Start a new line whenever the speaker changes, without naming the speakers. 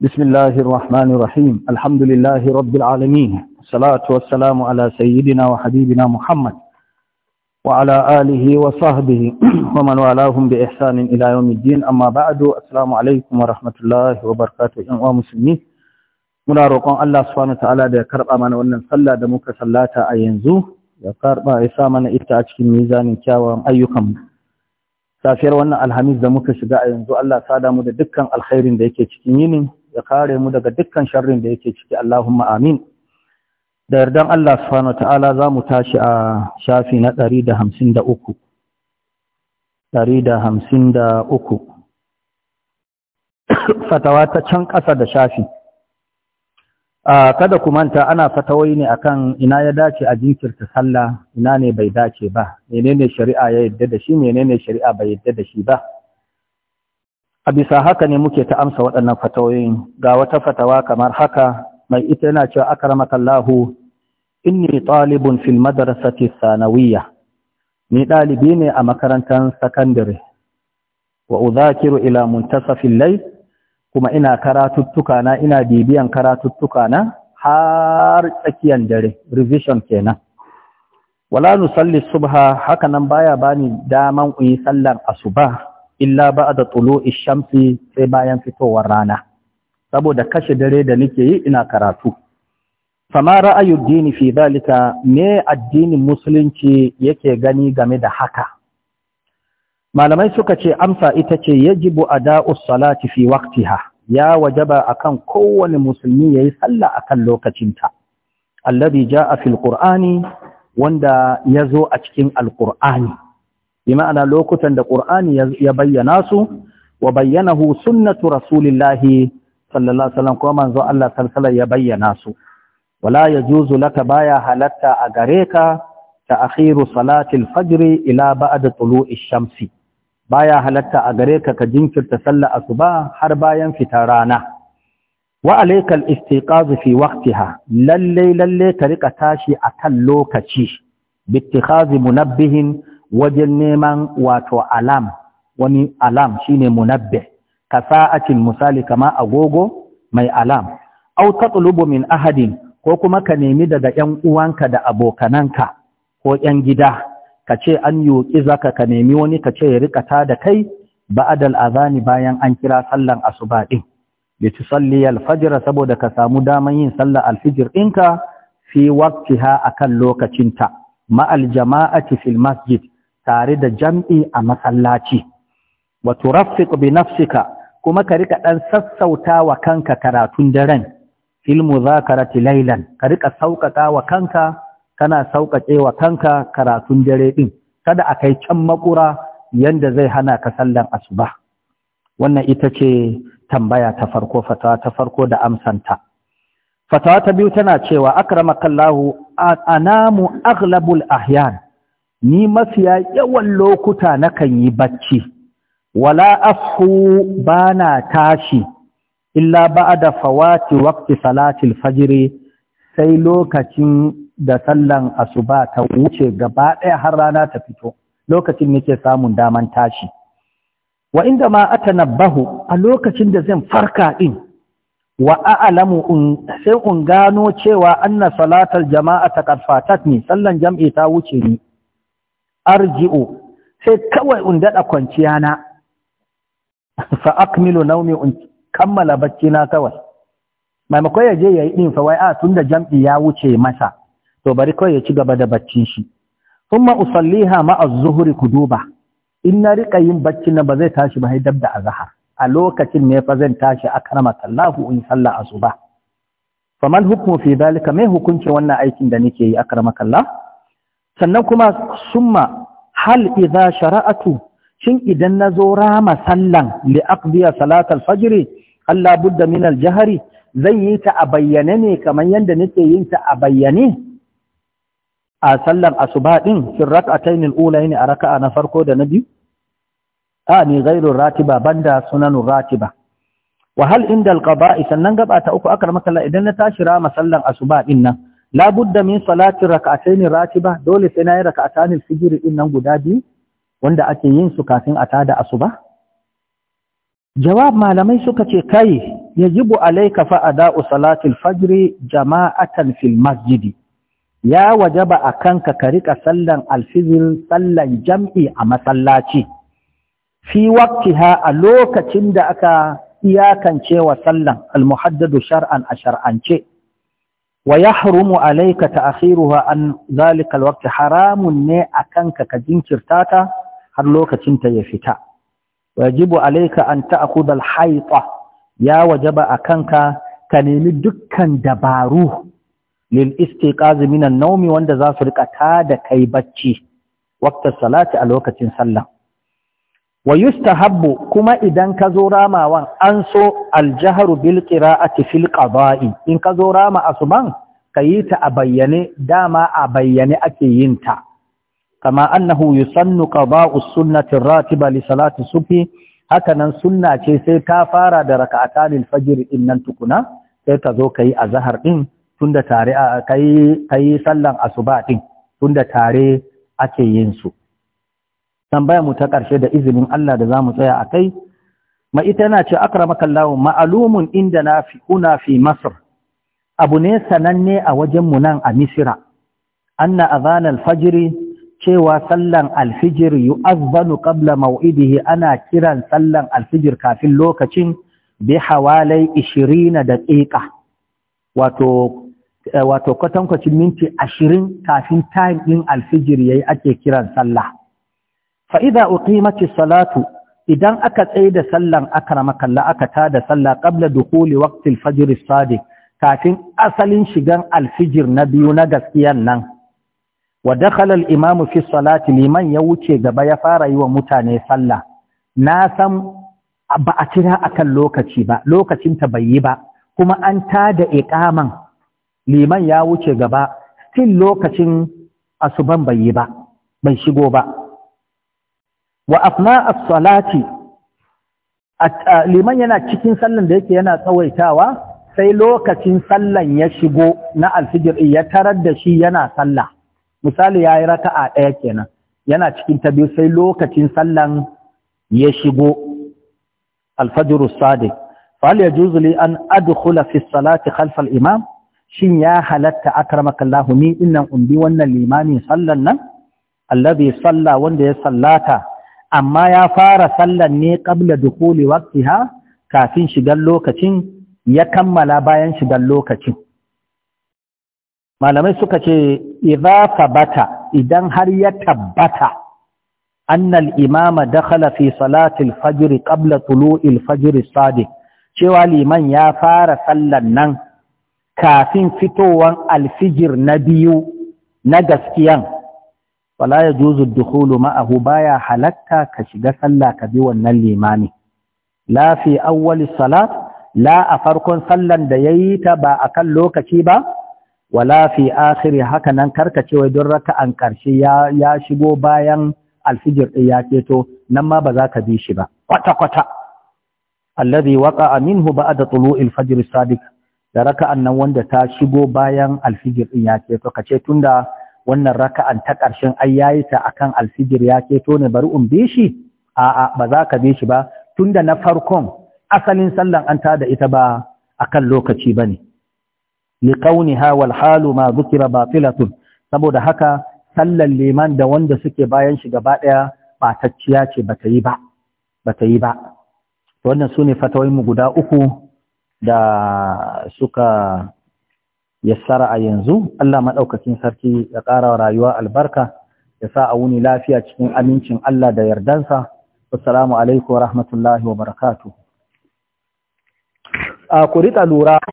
بسم الله الرحمن الرحيم الحمد لله رب العالمين الصلاة والسلام على سيدنا وحبيبنا محمد وعلى آله وصحبه ومن والاهم بإحسان إلى يوم الدين أما بعد السلام عليكم ورحمة الله وبركاته إن مسلمين muna roƙon Allah subhanahu ta'ala ya karɓa mana wannan sallah da muka sallata a yanzu ya karɓa ya sa mana ita a cikin mizanin kyawawan ayyukanmu. safiyar wannan alhamis da muka shiga a yanzu Allah sada mu da dukkan alkhairin da yake cikin yinin ya kare mu daga dukkan sharrin da yake ciki Allahumma amin da yardan Allah subhanahu wataala za mu tashi a shafi na 153 153 fatawa ta can kasa da shafi kada ku manta ana fatawai ne akan ina ya dace a jinkirta sallah ina ne bai dace ba menene shari'a ya yadda da shi menene shari'a bai yadda da shi ba a bisa haka ne muke ta amsa waɗannan fatawoyin ga wata fatawa kamar haka mai ita yana cewa akramakallahu inni talibun fil madrasati sanawiyya ni ɗalibi ne a makarantar sakandare wa udhakiru ila muntasafil layl kuma ina karatuttuka na ina bibiyan karatuttuka na har tsakiyar dare revision kenan wala nusalli subha haka nan baya bani daman uyi sallar asuba illa ba da tsulo ishamsi sai bayan fitowar rana saboda kashe dare da nake yi ina karatu samara ra'ayu dini fi dalika me addinin musulunci yake gani game da haka malamai suka ce amsa ita ce yajibu ada'us salati fi waqtiha ya wajaba akan kowane musulmi yayi sallah akan lokacinta alladhi jaa fil qur'ani wanda zo a cikin alqur'ani bi lokutan da Qur'ani ya bayyana su wa bayyanahu sunnatu rasulillahi sallallahu alaihi wasallam kuma manzo Allah sallallahu ya bayyana su wala yajuzu laka baya halatta a gare ka ta'khiru salati al-fajr ila ba'da tulu'i shamsi baya halatta a gare ka ka jinkirta sallar asuba har bayan fitar rana wa alayka al-istiqaz fi waqtiha lalle lalle ka rika tashi akan lokaci bi ittikhaz munabbihin wajen neman wato alam wani alam shine munabbi ka sa'atin misali kama agogo mai alam au taqlubu min ahadin ko kuma ka nemi daga ƴan uwanka da abokananka ko ƴan gida ka ce an yoki zaka ka nemi wani ka ce ya rika ta da kai ba'adal azani bayan an kira sallan asuba din bi tusalli al-fajr saboda ka samu daman yin sallar al-fajr ɗinka fi waqtiha akan lokacinta ma al-jama'ati fil masjid tare da jam'i a masallaci Wato, turaffiq bi nafsika kuma ka rika ɗan sassauta wa kanka karatun daren Ilmu za ka rati laylan ka rika sauƙaƙa wa kanka kana sauƙaƙe wa kanka karatun dare ɗin. kada a kai can maƙura yanda zai hana ka sallan asuba wannan ita ce tambaya ta farko fatawa ta farko da amsanta fatawa ta biyu tana cewa akramakallahu anamu aghlabul ahyan ni mafiya yawan lokuta na kan yi bacci wala ba na tashi illa ba da fawati waqti salatil fajiri, sai lokacin da sallan asuba ta wuce gaba ɗaya har rana ta fito lokacin nake samun daman tashi wa inda ma atanabbahu a lokacin da zan farka ɗin wa a'lamu sai un gano cewa anna jama'a ta ƙarfatat ne sallan jam'i ta wuce ni arji'u sai kawai in daɗa kwanciya na fa akmilu naumi in kammala bacci na kawai maimakon ya je ya yi ɗin fawai a ah, jam'i ya wuce masa to bari kawai ya ci gaba da baccin shi kuma usalliha ma az-zuhri kuduba in na rika yin bacci na ba zai tashi ba sai da azhar a lokacin ne fa zan tashi akrama kallahu in salla asuba faman hukmu fi dalika mai hukunci wannan aikin da nake yi akrama kallah sannan kuma summa hal idza shara'atu shin idan nazo rama sallan li aqdiya salatal fajr Allah budda min al zan zai yi ta a bayyane ne kamar yadda nake yin ta a bayyane a sallan asuba din fil rak'atayn al a raka'a na farko da na biyu a ni ghairur ratiba banda sunanur ratiba wa hal inda al sannan gaba ta uku akramaka Allah idan na tashi rama sallan asuba din nan la budda min salati rak'atayn ratiba dole sai nayi rak'atan al-fajr din nan guda biyu wanda ake yin su kafin a tada asuba jawab malamai suka ce kai yajibu alayka fa ada'u salati al-fajr jama'atan fil masjid ya wajaba akanka ka rika sallan al-fajr sallan jam'i a masallaci fi waqtiha a lokacin da aka iyakancewa sallan al-muhaddadu shar'an a shar'ance wa yahrumu alayka ta'khiruha an zalika alwaqt haramun ne a kanka ka jinkirta ta har lokacin ta ya fita wajibu alaika an ta'khudha alhayta ya wajaba akanka ka nemi dukkan dabaru lil istiqaz min an wanda za su riƙa ta da kai bacci waqt salati a lokacin sallah wa yustahabbu kuma idan ka zo ramawan an so aljaharu bil qira'ati fil qada'i in ka zo rama asuban yi ta a bayyane dama a bayyane ake yin ta kama annahu yusannu qada'u sunnati ratiba li salati subhi haka nan sunna ce sai ka fara da raka'atanil fajr din nan tukuna sai ka zo kayi azhar din tunda tare kai kai sallan asuba din tunda tare ake yin su tambaya mu ta ƙarshe da izinin Allah da zamu tsaya a kai ma ita yana ce akramaka Allah ma'alumun inda na fi una fi Masr abu ne sananne a wajen mu nan a Misira anna adhan al-fajr cewa sallan al-fajr yu'adhanu qabla maw'idihi ana kiran sallan al-fajr kafin lokacin bi hawalai 20 daqiqa wato eh, wato minti 20 kafin time din al-fajr yayi ake kiran sallah fa'ida uqimati salatu idan aka tsaye da sallan kalla aka tada sallah ƙabla da waqtil fajr as-sadiq kafin asalin shigan alfijir na biyu na gaskiyan nan wa dakhala al-imamu fi liman ya wuce gaba ya fara yi wa mutane sallah na san ba a a akan lokaci ba lokacin ta bai yi ba kuma an tada ikaman liman ya wuce gaba still lokacin asuban bai yi ba bai shigo ba wa afna as-salati uh, liman yana cikin sallan da yake yana tsawaitawa sai lokacin sallan ya shigo na alfijiri ya tarar da shi yana sallah misali yayi raka'a ɗaya kenan yana cikin ta biyu sai lokacin sallan ya shigo alfajr sadiq fal yajuzu li an adkhula fi salati khalf al-imam shin ya halatta akramaka Allah ni dinnan umbi wannan limamin sallan nan alladhi salla wanda ya sallata amma ya fara sallan ne qabla wakti ha kafin shigar lokacin ya kammala bayan shigar lokacin malamai suka ce idza tabata idan har ya tabbata annal imama da fi salati fajiri ƙabla qabla fajiri sadi, cewa liman ya fara sallan nan kafin fitowan alfijir na biyu na gaskiyan wala ya juzu dukhulu ma'ahu baya halatta ka shiga sallah ka bi wannan limami la fi awwali salat la a farkon sallar da yayi ta ba akan lokaci ba wala fi akhiri haka nan karka ce wai don raka'an ƙarshe ya shigo bayan alfijir din ya keto nan ma ba za ka bi shi ba kwata kwata alladhi waqa'a minhu da tulu'il fajr sadiq da raka'an nan wanda ta shigo bayan alfijir din ya keto kace tunda wannan raka'an ta ƙarshen ai yayi ta akan alfijir ya keto ne bari in bi shi a'a ba za ka bi shi ba tunda na farkon asalin sallan an ta da ita ba akan lokaci bane li qawniha wal halu ma dhukira batilatun saboda haka sallan liman da wanda suke bayan shi gaba daya batacciya ce bata yi ba bata yi ba wannan sune fatawai mu guda uku da suka yassara a yanzu Allah maɗaukacin sarki ya ƙara rayuwa albarka ya sa a wuni lafiya cikin amincin Allah da yardansa wassalamu alaikum rahmatullahi wa Barakatu. a ku riƙa lura